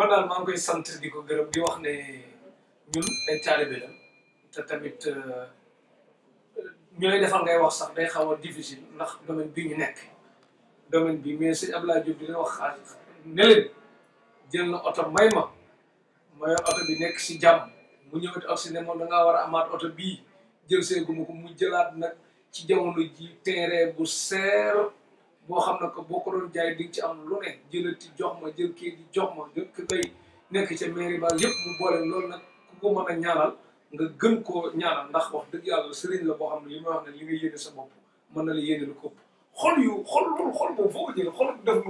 man daal maa ngi koy sant di ko gërëm di wax ne ñun ay taalibe la te tamit euh, ñu lay defal ngay wax sax day xaw a difficile ndax domaine bi ñu nekk domaine bi mais sëñ Abdoulaye Diop dina wax xaalis ne leen jël na oto may ma mayoon oto bi nekk si jàmm mu ñëwati ak si ne moom da ngaa war a amaat oto bii jël seeguma ko mu jëlaat nag ci jamono ji terrain bu seer boo xam na que boo ko doon jaay di ci am lu ne jëlati jox ma jël kii di jox ma nga koy nekk ca mairie ba yëpp mu boole loolu nag ku ko mën a ñaanal nga gën ko ñaanal ndax wax dëgg yàlla sëriñ la boo xam ne li may wax ne li nga yéene sa mën na la yéene lu ko xol yu xol loolu xol boobu foo te doo koy delloo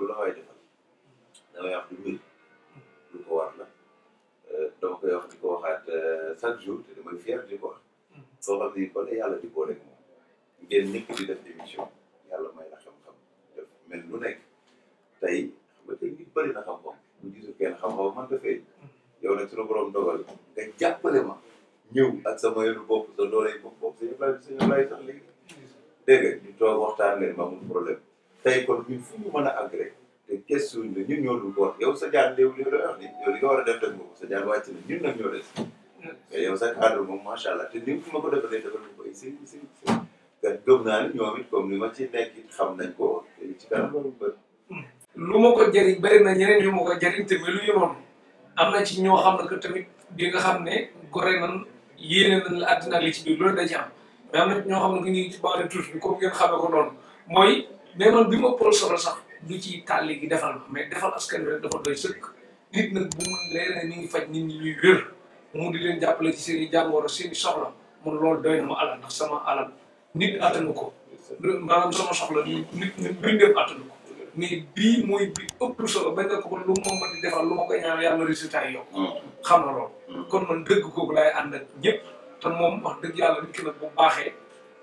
lu la waay defal dama wax du mbir lu ko war la euh, dama koy wax di ko waxaat euh, chaque jour te damay fier di ko wax. soo xam ne bala yàlla di booleeg moom ngeen nekk di def émission yàlla may la xam-xam def mel lu nekk tey xam nga tey nit na xam-xam bu gisul kenn xam-xam man dafay yow nag suñu borom dogal nga ma ñëw ak sama yoonu bopp sa dooley bopp bopp suñu laaj suñu laaj sax léegi waxtaan ma amul problème tey kon ñun fu ñu mën a agré te question ñun ñoo dul ko wax yow sa jaan léew li nga wax ni yow li war a def def nga sa jaan wàcc na ñun nag ñoo des te yow sa cadre moom macha allah te ni ma ko defalee defal ma ko ay si si si. ko ci kanam loolu bëri. lu ma na ñeneen yu ma ko jëriñ te melu na ci ñoo xam ne que tamit bi nga xam ne gore nan yéene nan la àddina li da ci am ñoo xam ne que ñu ngi ci bande touche bi comme ngeen bi ma pol solo sax ci tàlli gi defal ma mais defal askan wi rek dafa doy sëkk nit nag bu mu leer ne mi ngi faj nit ñi ñuy mu di leen jàppale ci seen i jàngoro seen i soxla mun loolu doy na ma alal ndax sama alal nit attanu ko maanaam sama soxla nit nit bindeem attanu ko mais bii mooy bi ëpp ko ba lu ma mën di defal lu ma koy mm. xam na loolu mm. kon man dëgg kooku laay ànd ak ñëpp moom wax dëgg yàlla nit ki nag bu baaxee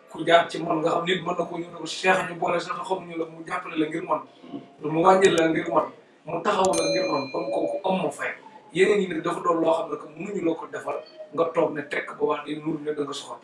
ku jaar ci man nga xam nit mën na ko ñu ne ko cheikh ñu boole sax xamuñu la mu jàppale la ngir man mm. mu wàññil la ngir man mu taxaw la ngir man kon kooku am ma fay yeneen yi nag dafa doon loo xam ne que mënuñu loo ko defal nga toog ne tekk ba wax day nuru ne da nga soxor